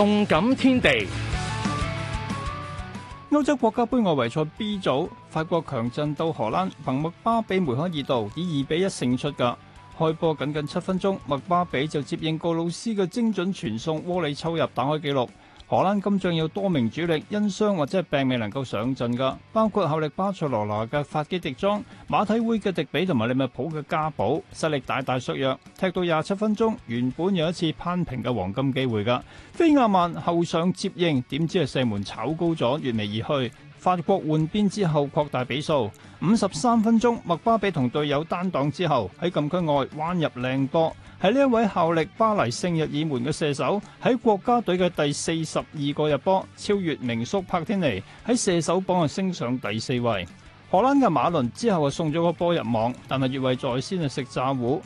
動感天地，歐洲國家杯外圍賽 B 組，法國強陣到荷蘭，憑麥巴比梅開二度以二比一勝出。噶開波僅僅七分鐘，麥巴比就接應哥老斯嘅精準傳送，窩裏抽入打開紀錄。荷蘭今仗有多名主力因傷或者係病未能夠上陣㗎，包括效力巴塞羅那嘅法基迪莊、馬體會嘅迪比同埋利物浦嘅加保，實力大大削弱。踢到廿七分鐘，原本有一次扳平嘅黃金機會㗎，菲亞曼後上接應，點知係射門炒高咗，越嚟而去。法國換邊之後擴大比數，五十三分鐘，麥巴比同隊友單擋之後喺禁區外彎入靚波。喺呢一位效力巴黎聖日耳門嘅射手，喺國家隊嘅第四十二個入波，超越名宿帕天尼，喺射手榜啊升上第四位。荷蘭嘅馬倫之後啊送咗個波入網，但係越位在先啊食炸糊，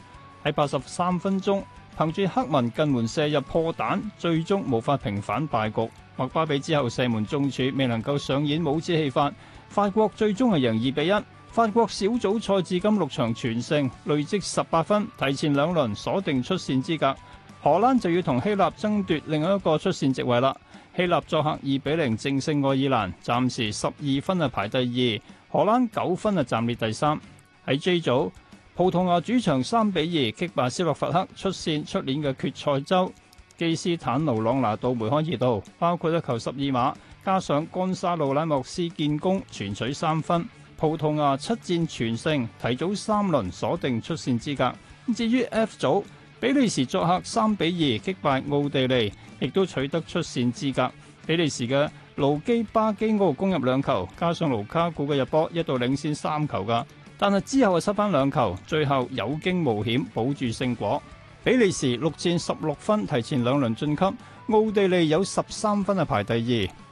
喺八十三分鐘憑住黑文近門射入破蛋，最終無法平反敗局。麥巴比之後射門中柱，未能夠上演帽子戲法，法國最終係贏二比一。法國小組賽至今六場全勝，累積十八分，提前兩輪鎖定出線資格。荷蘭就要同希臘爭奪奪另外一個出線席位啦。希臘作客二比零淨勝愛爾蘭，暫時十二分啊排第二，荷蘭九分啊暫列第三。喺 J 組，葡萄牙主場三比二擊敗斯洛伐克，出線出年嘅決賽周。基斯坦奴朗拿度梅開二度，包括一球十二碼，加上干沙路拉莫斯建功，全取三分。葡萄牙七戰全勝，提早三輪鎖定出線資格。至於 F 組，比利時作客三比二擊敗奧地利，亦都取得出線資格。比利時嘅盧基巴基奧攻入兩球，加上盧卡古嘅入波，一度領先三球噶。但係之後係失翻兩球，最後有驚無險保住勝果。比利時六戰十六分，提前兩輪晉級。奧地利有十三分係，排第二。